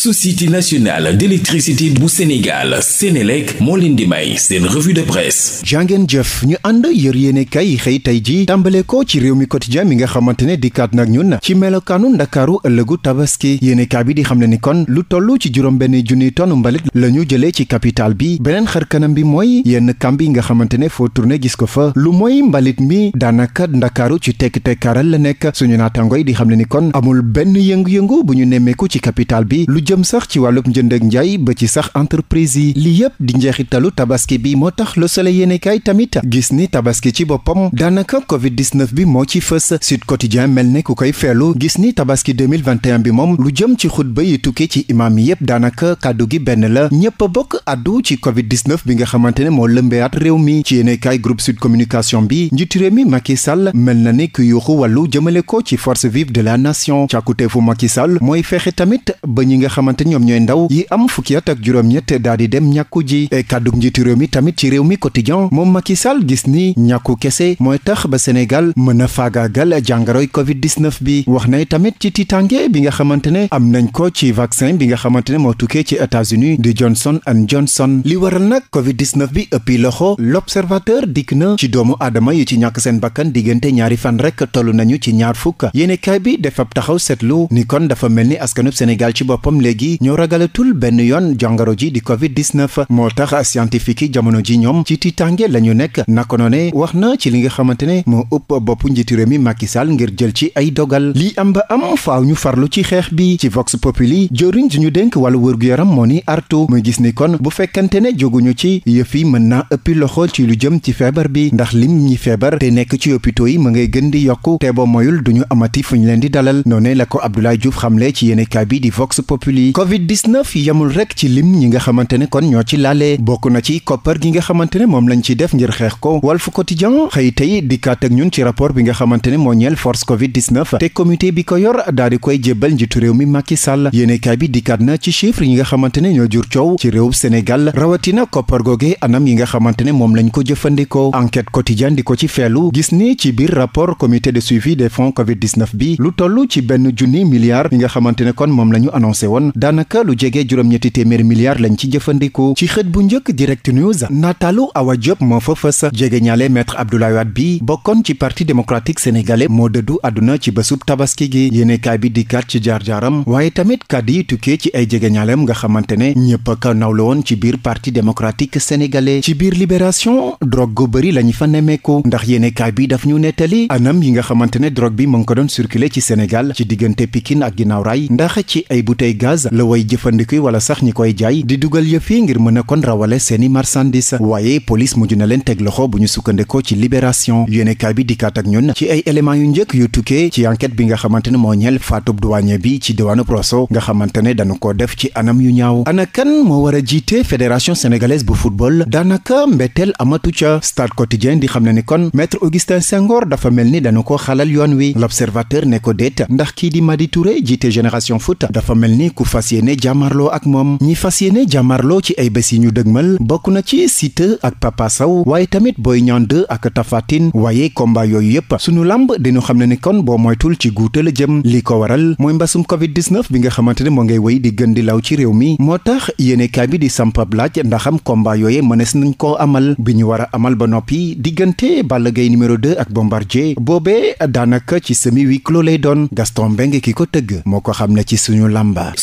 société nationale d'électricité bu Sénégal Sénélec moo leen di may seen revue jàngeen jëf ñu ànd yër yéene yi xëy tey ji tàmbale ko ci réew mi quotidien mi nga xamante ne dikkaat nag ñun ci melokaanu ndakaaru ëllëgu tabaski yéene bi di xam ne ni kon lu toll ci juróom benn junniy tonn mbalit la ñu jëlee ci capital bi beneen xar kanam bi mooy yenn kamb yi nga xamante ne foo tourné gis ko fa lu mooy mbalit mi daanaka ndakaaru ci tekk-tekkaaral la nekk suñu naatangooy di xam ne ni kon amul benn yëngu-yëngu bu ñu nemmeeku ci capital bi jëm sax ci wàllub njënd ak njaay ba ci sax entreprise yi li yépp di njeexitalu tabaski bi moo tax Le Soleil yéenekaay tamit gis ni tabaski ci boppam daanaka covid 19 bi moo ci fës Sud Quotidien mel ni ku koy feelu gis ni tabaski 2021 bi moom lu jëm ci xutba yi tukkee ci imaam yi yépp daanaka kàddu gi benn la ñépp bokk addu ci covid 19 bi nga xamante ne moo lëmbeyaat réew mi ci yéenekaay groupe Sud Communication bi njiitu réew mi Macky Sall mel na ni ku yuuxu wàllu jëmale ko ci force vive de la nation càkkuteefu Macky Sall mooy fexe xamante ñoom ñooy ndaw yi am fukki at ak juróom-ñett daal di dem ñàkku ji e kàddug njiitu réew mi tamit ci réew mi quotidien moom Macky Sall gis ni ñàkku kese mooy tax ba Sénégal bi wax na tamit ci ne am nañ ko ci vaccin bi nga xamante ne moo tukkee ci États-Unis di Johnson and Johnson li waral nag covid-19 bi ëppi loxo l'observateur dikk na ci doomu aadama yi ci ñàkk seen bakkan diggante ñaari fan rek toll nañu ci ñaar fukk yéene kaay bi dafa taxaw seetlu ni kon dafa mel ni askanub Sénégal ci boppam léegi ñoo ragalatul benn yoon jàngoro ji di covid 19 moo tax scientifique yi jamono ji ñoom ci tiitange la ñu nekk naka noone wax na ci li nga xamante ne moo ëpp bopp njiitu réew mi Macky Sall ngir jël ci ay dogal li am ba am faaw ñu farlu ci xeex bi ci vox populi joriñ ju ñu dénk wàllu wërgu-yaram moo ni artu muy gis ni kon bu fekkante ne jóguñu ci yëf yi mën naa ëppi loxo ci lu jëm ci feebar bi ndax lim ñi feebar te nekk ci hôpitaux yi ma ngay gën di yokku te boo moyul duñu di dalal lii covid 19 yemul rek ci lim ñi nga xamante ne kon ñoo ci laale bokk na ci koppar gi nga xamante ne moom lañ ci def ngir xeex ko Walf Quotidien xëy tey dikkaat ak ñun ci rapport bi nga xamante ne moo ñeel force covid 19 te comité bi ko yor daal di koy jébbal njiitu réew mi Macky Sall yéenekaay bi dikkaat na ci chiffre yi nga xamante ne ñoo jur coow ci réew Sénégal rawatina koppar googe anam yi nga xamante ne moom lañu ko jëfandikoo enquête quotidien di ko ci feelu gis ni ci biir rappor commité de suivi des fonds covid bi lu toll ci benn junni milliard yi nga xamante ne kon moom la ñu annoncé woon yoon daanaka lu jege juróom-ñetti téeméeri milliards lañ ci jëfandikoo ci xët bu njëkk direct news nataalu Awa Diop moo fa fës jege ñaale maître Abdoulaye Wade bi bokkoon ci parti démocratique sénégalais moo dëddu àdduna ci bésub tabaski gi yéenekaay bi dikkaat ci jaar-jaaram waaye tamit kàddu yi tukkee ci ay jege ñaaleem nga xamante ne ñëpp a ka woon ci biir parti démocratique sénégalais ci biir libération drogue gu bëri lañu fa nemmeeku ndax yéenekaay bi daf ñu nettali anam yi nga xamante ne drogue bi mu ngi ko doon circuler ci Sénégal ci diggante Pikine ak ginnaaw raay ndax gaz la way jëfandikuy wala sax ñi koy jaay di dugal yëf yi ngir mën a kon rawale seeni marchandise waaye police mujj na leen teg loxo bu ñu sukkandikoo ci libération yéenekaay bi dikkaat ak ñun ci ay éléments yu njëkk yu tukkee ci enquête bi nga xamante ne moo ñeel faatub douanier bi ci diwaanu Rosso nga xamante ne dañu ko def ci anam yu ñaaw ana kan moo war a jiite fédération sénégalaise bu football daanaka mbetteel amatu ca stade quotidien di xam ne ni kon maître Augustin Senghor dafa mel ni dañu ko xalal yoon wi l'observateur ne ko déet ndax kii di Madi jiite génération foot dafa mel ni ku fas yéene jàmmarloo ak moom ñi fas yéene jàmmarloo ci ay bés yi ñu dëgmal bokk na ci Siteu ak Papa Sow waaye tamit booy Niang 2 ak tafatin waaye combat yooyu yépp suñu làmb dinu xam ne ni kon boo moytul ci guuta a jëm li ko waral mooy mbasum covid-19 bi nga xamante ne moo ngay wéy di gën di law ci réew mi moo tax yéenekaay bi di sampab laaj ndaxam combat yooye mënees nañ koo amal bi ñu war a amal ba noppi diggante Balla Gaye numéro 2 ak Bombardier boobee daanaka ci semi huis clos lay doon Gaston Mbengue ki ko tëgg moo ko xam ne ci suñu làmba